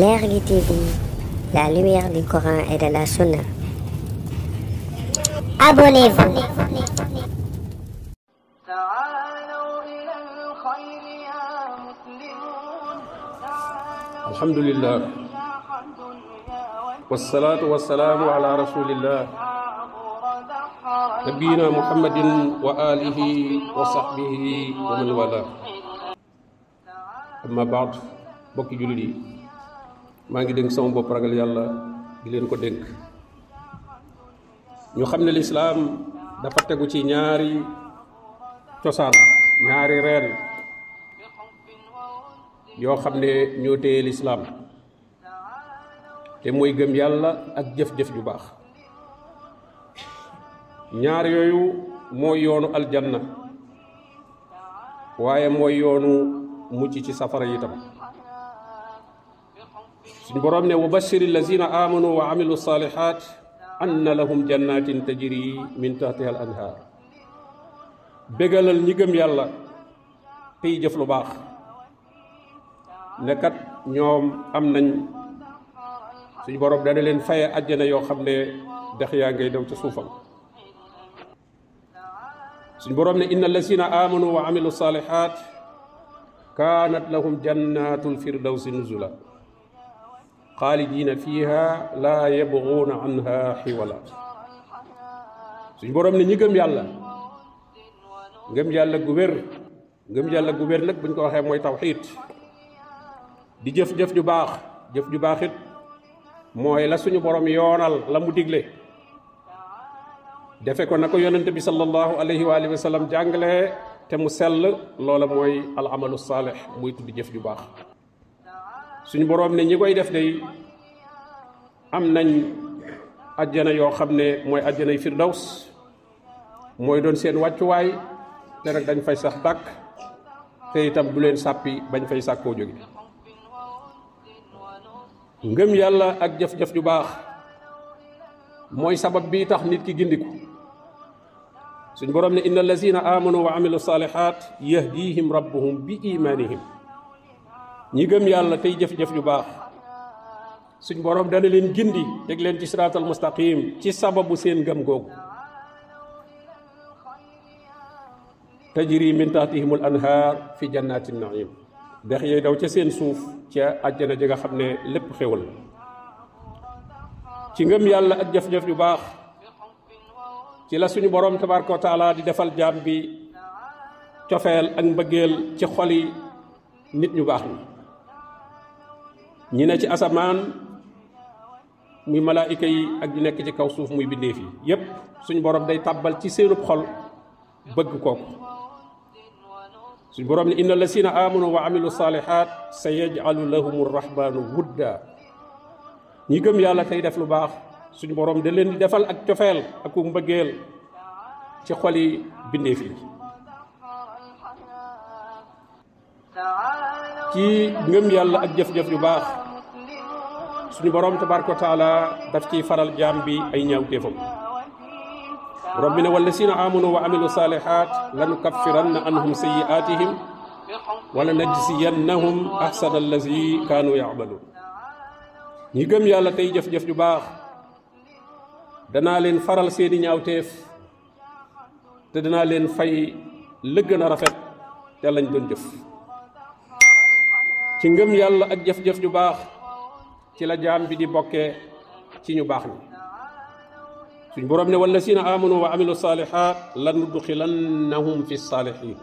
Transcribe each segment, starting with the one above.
L'Airly TV, la lumière du Coran et de la Sunna. Abonnez-vous. الحمد لله والصلاة والسلام على رسول الله نبينا محمد وآله وصحبه ومن والاه أما بعد بكي جلدي maa ngi dénk sama bopp ragal yàlla di leen ko dénk ñu xam ne lislaam dafa tegu ci ñaari cosaan ñaari reen yoo xam ne ñoo téye lislaam te mooy gëm yàlla ak jëf-jëf ju baax ñaar yooyu mooy yoonu aljanna waaye mooy yoonu mucc ci safara yi tam برمنا وبشر الذين آمنوا وعملوا الصالحات أن لهم جنات تجري من تحتها الأنهار بقال نيغم يالا تي جف لو باخ نكات نيوم ام نان سونو بروم دا لين فاي اجنا يو خامني دخ يا ngay daw ci suufam suñu borom ne innal ladhina amanu wa amilu salihat kanat lahum jannatul firdausi xaalidiina fiiha laa yabguuna anha xiwala suñ boroom ne ñi gëm yàlla ngëm yàlla gu wér ngëm yàlla gu wér nag buñ ko waxee mooy tawxiid di jëf-jëf ju baax jëf ju baaxit it mooy la suñu borom yoonal la mu digle defe ko na ko yonente bi sallallahu alayhi wa alihi wa sallam jàngale te mu sell loola mooy al amalu saalix muy tudd jëf ju baax suñu borom ne ñi koy def day am nañ aljana yoo xamne moy aljana firdaus moy doon seen way te nag dañ fay sax tak te itam bu len sappi bañ fay sakko joge ngëm yalla ak jëf-jëf ju baax moy sabab bi tax nit ki gindiku suñu borom ne innal allazina amanu wa amilus salihat yahdihim rabbuhum bi imanihim ñi gëm yàlla tey jëf jëf ju baax suñ borom dana leen gindi teg leen ci mustaqim ci sababu seen gëm googu tajri min al anhar fi jannati naim dex yey daw ci seen suuf ci aljana ji nga xam ne lépp ci ngëm yàlla ak jëf jëf ju baax ci la suñu borom tabaraka taala di defal jambi, bi cofeel ak mbëggeel ci xoli nit ñu bax ni ñi ne ci asamaan muy malaayika yi ak ñu nekk ci kaw suuf muy bindéef yi yépp suñ borom day tàbbal ci seenub xol bëgg kooku suñ borom ni inna allasina amanu wa amilu salihat sa yajcalu lahum rahmanu wudda ñi gëm yàlla tey def lu baax suñ borom da leen di defal ak cofeel ak mbëggeel ci xol yi bindéef yi ci ngëm yàlla ak jëf-jëf yu baax suñu borom tabaraka taala daf ciy faral jaam bi ay ñaawteefam borom bi ne wallasina amanu wa amilu salihat lanukaffiranna anhum sayiatihim wala najziyannahum ahsana allazi kaanu yacmalun ñi gëm yàlla tey jëf-jëf ju baax danaa leen faral seeni ñaawteef te danaa leen fay lëgg na rafet te lañ doon jëf ci ngëm yàlla ak jëf-jëf ju baax ci la jaam bi di bokkee ci ñu baax ñi suñ borom ne sina amanu wa amilu lan lanudxilannahum fi salihin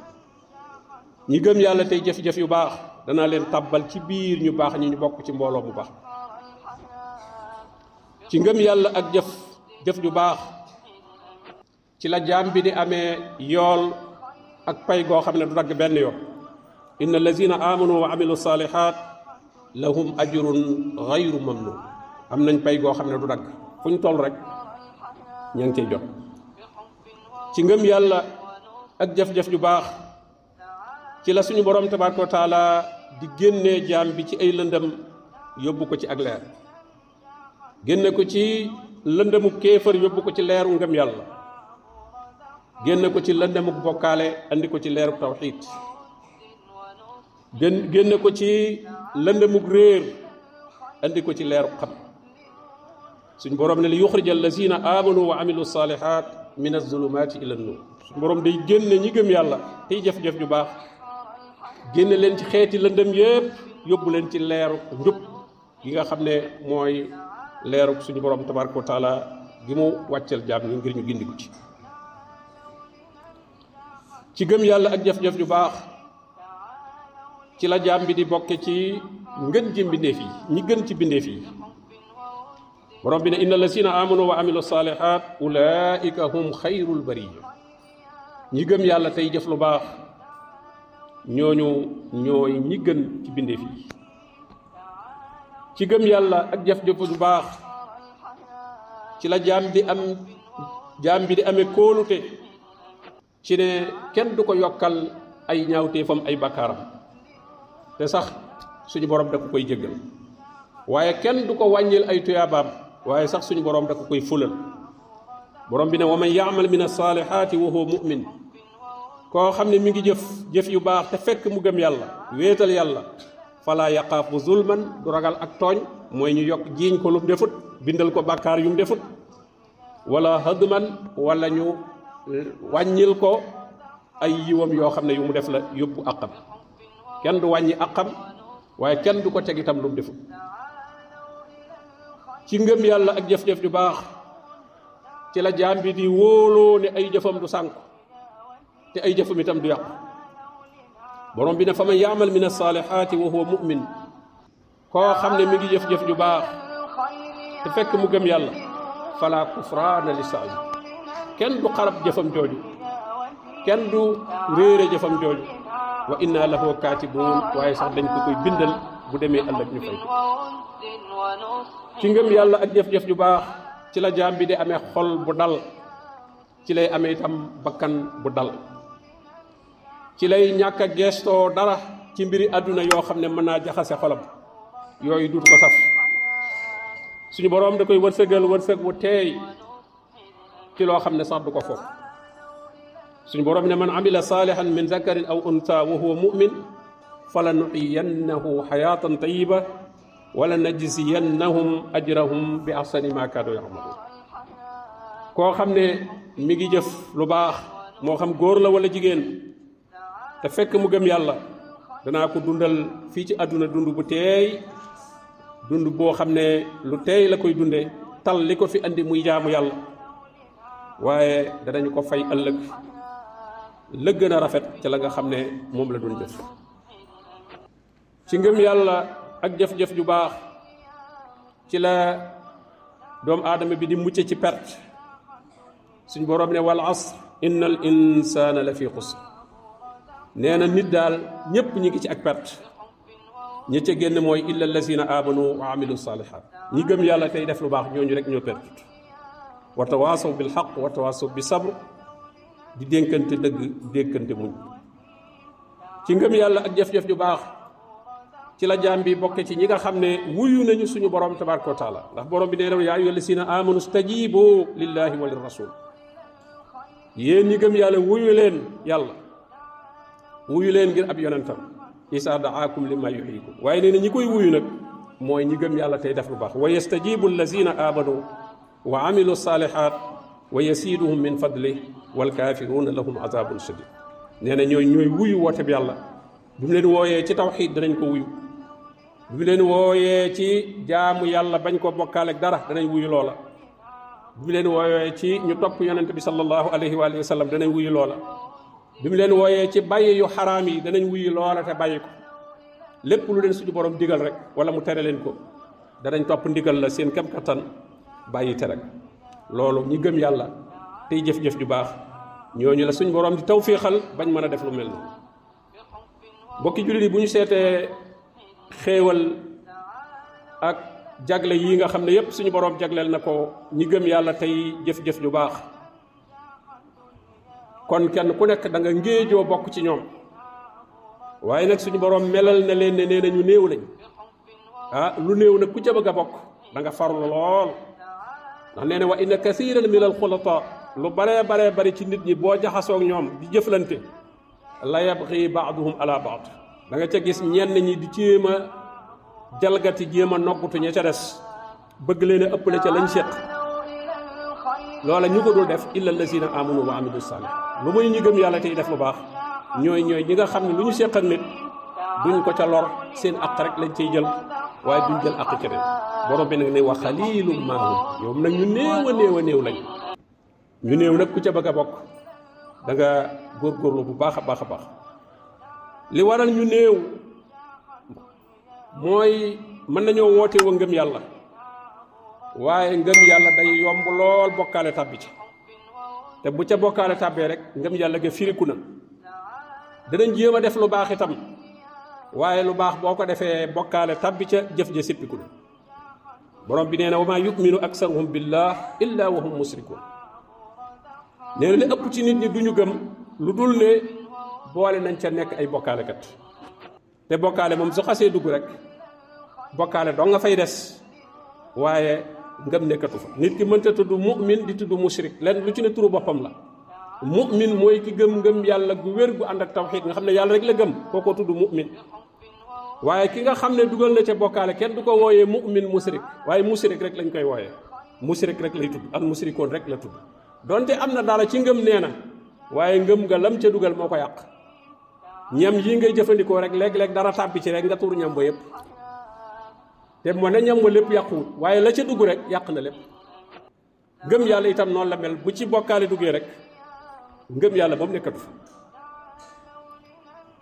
ñi gëm yàlla tey jëf-jëf yu baax dana leen tàbbal ci biir ñu baax ñi ñu bokk ci mbooloo bu baax ci ngëm yàlla ak jëf jëf ju baax ci la jaam bi di amee yool ak pay goo xam ne du dagg benn yoon إن الذين آمنوا وعملوا الصالحات لهم أجر غير ممنون am nañ pay goo xam ne du dagg fu ñu toll rek ña ngi cay jot ci ngëm yàlla ak jëf-jëf ju baax ci la suñu borom tabaaraka wa taala di génnee jaam bi ci ay lëndëm yóbbu ko ci ak leer génne ko ci lëndëmu kéefër yóbbu ko ci leeru ngëm yàlla génne ko ci lëndëmu bokkaale andi ko ci leeru tawxiid génn génne ko ci lëndëmug réer andi ko ci leeru xam suñ borom ne li yuxrija allazina amanu wa amilu salihat min azulumati ila nur suñ borom day génne ñi gëm yàlla tey jëf-jëf ju baax génne leen ci xeeti lëndëm yépp yóbbu leen ci leeru njub gi nga xam ne mooy leeru suñu borom tabaraka wa gi mu wàcceel jaam ñu ngir ñu gindi ko ci ci yàlla ak jëf-jëf ju baax ci la jaam bi di bokke ci ngën ji mbindeef yi ñi gën ci mbindeef yi borom bi ne inna lasina amanu wa amilu salihat ulaika hum xayrul bariya ñi gëm yàlla tey jëf lu baax ñooñu ñooy ñi gën ci bindeef yi ci gëm yàlla ak jëf jëf lu baax ci la jaam di am jaam bi di amee kóolute ci ne kenn du ko yokkal ay ñaawteefam ay bakaaram te sax suñu borom da ko koy jéggal waaye kenn du ko wàññil ay tuyaabaam waaye sax suñu borom da ko koy fulal borom bi ne wa man yaamal mi asalihaati wa huwa mumin koo xam ne mi ngi jëf jëf yu baax te fekk mu gëm yàlla wéetal yàlla falaa yaqaafu zulman du ragal ak tooñ mooy ñu yokk jiiñ ko lum defut bindal ko bàkkaar yum defut wala hadman walla ñu wàññil ko ay yiwam yoo xam ne yu mu def la yóbbu àqam kenn du wàññi àqam waaye kenn du ko teg itam lu mu defu ci ngëm yàlla ak jëf-jëf ju baax ci la jaam bi di wóoloo ne ay jëfam du sànk te ay jëfam itam du yàqu borom bi ne fa man yaamal min as-saalihaati wa huwa koo xam ne mi ngi jëf-jëf ju baax te fekk mu gëm yàlla fala kufraana li saali kenn du xarab jëfam jooju kenn du réere jëfam jooju wa inna lahu kaatibuun waaye sax dañ ko koy bindal bu demee ëllëg ñu fay ci ngëm yàlla ak jëf-jëf ju baax ci la jaam bi di amee xol bu dal ci lay amee itam bakkan bu dal ci lay ñàkk a gestoo dara ci mbiri àdduna yoo xam ne mën naa jaxase xolam yooyu duut ko suñu boroom da koy wërsëgal wërsëg wu teey ci loo xam ne sax du ko foog سن بروم من عمل صالحا من ذكر او انثى وهو مؤمن فلنحيينه حياه طيبه ولنجزينهم اجرهم باحسن ما كانوا يعملون كو خامني ميغي جيف لو باخ مو خام غور لا ولا جيجين تا فك مو گم يالا دا نكو دوندال في تي ادونا دوند بو تي دوند بو خامني لو تي لا كوي دوندي تال ليكو في اندي موي جامو يالا وايي دا نكو فاي الله la gën a rafet ci la nga xam ne moom la doon jëf ci ngëm yàlla ak jëf-jëf ju baax ci la doomu aadama bi di mucce ci perte suñ boroom ne wal asr innal insaana la fi xusr nee na nit daal ñépp ñi ngi ci ak perte ñi ca génn mooy illa allazina amanu wa amilu salihat ñi gëm yàlla tey def lu baax ñooñu rek ñoo perte wa tawaasaw bil xaq wa tawaasaw bi sabr di dénkante deug dénkante muñ ci ngam yàlla ak jëf-jëf ju bax ci la jaam bi bokke ci ñinga xamne wuyu nañu suñu borom tabaraku taala ndax borom bi nee ya yaa sina amanu stajibu lillahi wal rasul yéen ñi gëm yàlla wuyu len yàlla wuyu len ngir ab yonentam isa daakum lima yuhyikum way nee ñi koy wuyu nak moy ñi gëm yàlla tay def lu bax wa allazina amanu wa amilu salihat ويسيدهم من فضله والكافرون لهم عذاب شديد نانا نيو نيو ووي ووت بي الله بوم لين ووي تي توحيد دنا نكو ووي بوم لين ووي تي جامو يالا بان كو بوكال اك دارا دنا ووي لولا بوم لين ووي تي ني توپ يونت بي صلى الله عليه واله وسلم دنا ووي لولا بوم لين ووي تي باي يو حرامي دنا ووي لولا تا باي كو لپ لو لين سوجي بوروم ديغال رك ولا مو تري لين كو دنا نتوپ ديغال لا سين كم كاتان باي تي loolu ñi gëm yàlla tey jëf-jëf ju baax ñooñu la suñ borom di tawféexal bañ mën a def lu mel ni bokki jullit bu ñu seetee xéewal ak jagle yii nga xam ne yépp suñu boroom jagleel na ko ñi gëm yàlla tey jëf-jëf ju baax kon kenn ku nekk da nga ngéejoo bokk ci ñoom waaye nag suñu borom melal na leen ne nee nañu néew lañ ah lu néew nag ku ca a bokk danga nga farlu lool ndax nee na wa inna kasiran min al xulata lu baree baree bari ci nit ñi boo jaxasoog ñoom di jëflante la yabxi baaduhum ala baad da nga ca gis ñenn ñi di jéem a jalgati jéem a noggutu ña ca des bëgg leen a ëppale ca lañ seet loola ñu ko dul def illa lazina amanu wa amilu salih lu muy ñu gëm yàlla tey def lu baax ñooy ñooy ñi nga xam ne lu ñu seq ak nit duñ ko ca lor seen àq rek lañ cay jël waaye duñ jël àq keneen borom bi nag ne wa xaliilum maahum yow nag ñu néew a néew a néew lañ ñu néew nag ku ca bëgg a bokk da nga góorgóorlu bu baax a baax a baax li waral ñu néew mooy mën nañoo woote wa ngëm yàlla waaye ngëm yàlla day yomb lool bokkaale tàbbi ci te bu ca bokkaale tàbbee rek ngëm yàlla ga firiku na danañ jéem a def lu baax itam waaye lu baax boo ko defee bokkaale tabbi ca jëf ja sippiku na borom bi nee na wa maa yuminu aksaruhum billah illa wa hum musrikun nee li ëpp ci nit ñi duñu gëm lu dul ne boole nañ ca nekk ay bokkaalekat te bokkaale moom su xasee dugg rek bokkaale doo nga fay des waaye ngëm nekkatu fa nit ki mënta tudd mu'min di tudd musrik leen lu ci ne turu boppam la mu'min mooy ki gëm ngëm yàlla gu wér gu ànd ak tawxiid nga xam ne yàlla rek la gëm kooko tudd mu'min waaye ki nga xam ne dugal na ca bokkaale kenn du ko wooyee mu'min musrik waaye musrik rek lañu koy wooyee musrik rek lay tudd al musrikoon rek la tudd donte am na dara ci ngëm nee na waaye ngëm nga lam ca dugal moo ko yàq ñam yi ngay jëfandikoo rek léeg-léeg dara sàbbi ci rek nga tuur ñam ba yépp te moo ñam ba lépp yàquwut waaye la ca dugg rek yàq na lépp yàlla itam noonu la mel bu ci bokkaale duggee rek ngëm yàlla moom nekkatu fa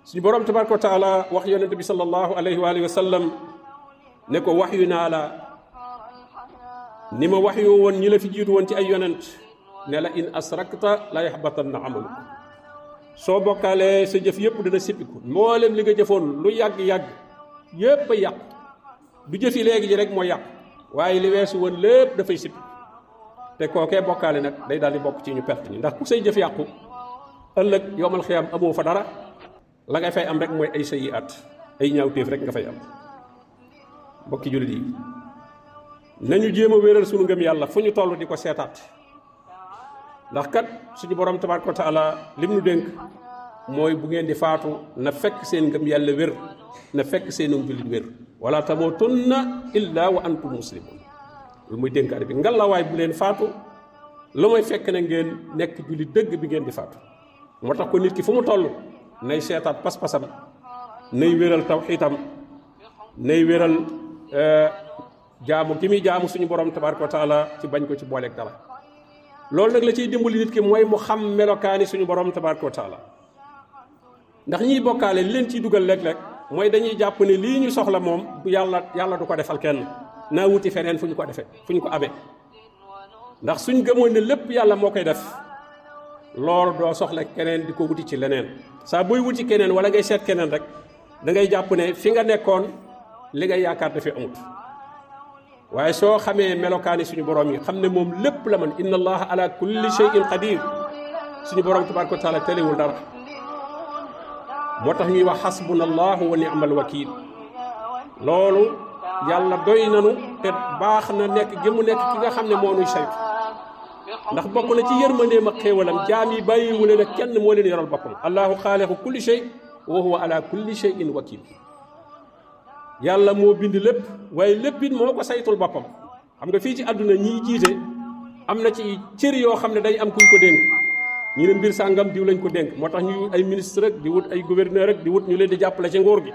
suñu borom tabaraka wa taala wax yonente bi sallallahu alayhi wa alihi wa sallam ne ko wax yu naa la ni ma wax yu woon ñi la fi jiitu woon ci ay yonent ne la in asrakta la yaxbatanna amaluk soo bokkaalee sa jëf yépp dina sippiku mboolem li nga jëfoon lu yàgg-yàgg yépp a yàq du jëfi léegi ji rek moo yàq waaye li weesu woon lépp dafay sippiku te kookee bokkaale nag day daal di bokk ci ñu perte ñi ndax ku say jëf yàqu ëllëg yoomal xiyam amoo fa dara la ngay fay am rek mooy ay sa at ay ñaawteef rek nga fay am mbokki jullit yi nañu jéem a wéeral sunu ngëm yàlla fu ñu toll di ko seetaat ndax kat suñu borom tabaaraka wa taala lim nu dénk mooy bu ngeen di faatu na fekk seen ngëm yàlla wér na fekk seenum jullit wér wala tamutunna illa wa antum muslimun lu muy dénkaat bi ngallaawaay bu leen faatu lu may fekk ne ngeen nekk julli dëgg bi ngeen bi faatu moo tax ko nit ki fu mu toll nay seetaat pas-pasam nay wéral taw tawxiitam nay wéral euh, jaamu ki muy jaamu suñu borom tabaaraka wa taala ci bañ ko ci booleek dara loolu nag la ciy dimbali nit ki mooy mu xam melokaani suñu borom tabaaraka wa taala ndax ñiy bokkaale li leen ciy dugal léeg-léeg mooy dañuy jàpp ne lii ñu soxla moom yàlla yàlla du ko defal kenn. naa wuti feneen fu ñu ko defee fu ñu ko amee ndax suñ gëmoon ne lépp yàlla moo koy def loolu doo soxla keneen di ko wuti ci leneen saa booy wuti keneen wala ngay seet keneen rek da ngay jàpp ne fi nga nekkoon li nga yaakaar dafay amut waaye soo xamee melokaani suñu borom yi xam ne moom lépp la man inna allaha ala kulli shay'in qadir suñu borom tabaraka wa taala telewul dara moo tax ñuy wax xasbuna allahu wa ni'mal wakil loolu yàlla doy nanu te baax na nekk gi mu nekk ki nga xam ne moo nuy saytu ndax bokk na ci yërmandeem ma xéewalam jaam yi bàyyiwu leen ak kenn moo leen yoral boppam allahu xaaliqu kulli shay wa huwa ala kulli shayin wakil yàlla moo bind lépp waaye lépp it moo ko saytul boppam xam nga fii ci àdduna ñiy jiite am na ci cër yoo xam ne day am kuñ ko dénk ñi ne mbir sàngam diw lañ ko dénk moo tax ñuy ay ministre rek di wut ay gouverneur rek di wut ñu leen di jàppale ci nguur gi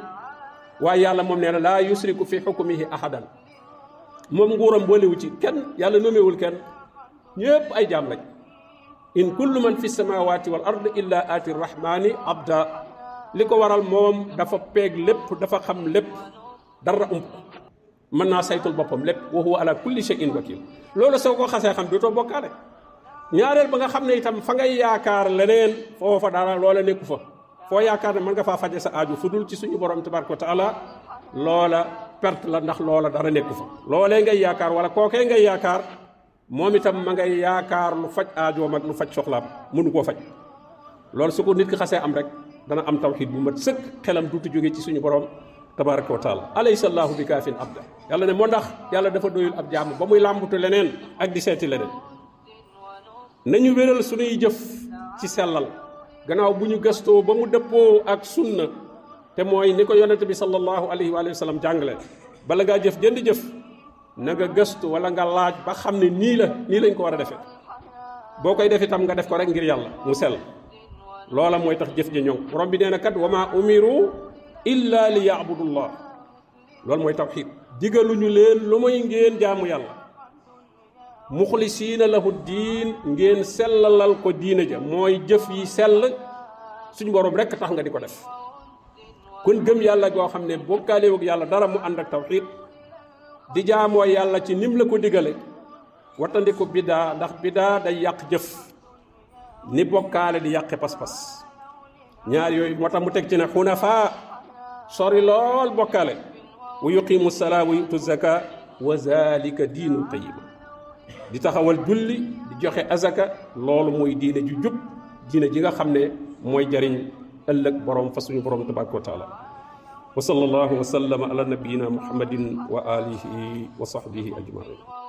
waaye yàlla moom nee na laa yusriku fi xukumihi ahadan moom nguuram boolewu ci kenn yàlla nomewul kenn ñëpp ay jaam lañ in kullu man fi samawati wal ard illa aati rahmani abda li ko waral moom dafa peeg lépp dafa xam lépp dara ump mën naa saytul boppam lépp wa huwa ala kulli shay'in wakil loolu soo ko xasee xam dootoo bokkaale ñaareel ba nga xam ne itam fa ngay yaakaar leneen foofa dara loola nekku fa fo yaakaar ne man nga faa faje sa aaju fu dul ci suñu borom tabaraka wa taala loola perte la ndax loola dara nekk fa loolee ngay yaakaar wala kookee ngay yaakaar moom itam ma ngay yaakaar lu faj aajo ak lu faj soxlaam mënu koo faj lool su ko nit ki xasee am rek dana am tawhid bu mat sëkk xelam duutu jóge ci suñu borom tabaraka wa taala alaysa allahu bi kafin abda yàlla ne moo ndax yàlla dafa doyul ab jaamu ba muy làmbutu leneen ak di seeti leneen nañu wéral suñuy jëf ci sellal gannaaw bu ñu gëstoo ba mu dëppoo ak sunna te mooy ni ko yonente bi sallallahu alayhi wa sallam jàngale bala ngaa jëf jënd jëf na nga gëstu wala nga laaj ba xam ne nii la nii lañ ko war a defee boo koy def itam nga def ko rek ngir yàlla mu sell loola mooy tax jëf ji ñoŋ borom bi kat wama umiru illa li yaabudullah loolu mooy tawxid digaluñu leen lu muy ngeen jaamu yàlla muxlisiina lahu diin ngeen sellalal ko diina ja mooy jëf yi sell suñu boroom rekk tax nga di ko def kun gëm yàlla goo xam ne bokkaaleewug yàlla dara mu ànd ak tawxiid di jaamoo yàlla ci nim la ko digale wattandiku biddaa ndax biddaa day yàq jëf ni bokkaale di yàqe pas-pas ñaar yooyu moo tax mu teg ci ne xunafaa sori lool bokkaale wa yuqimu salaa wa yutu zaka wa zalika diinul qayima di taxawal julli di joxe azaka loolu mooy diine ju jub diine ji nga xam ne mooy jariñ ëllëg borom fa suñu borom tabaraka wa taala wa sallallahu wa sallama ala nabiyina muhammadin wa alihi wa sahbihi ajmain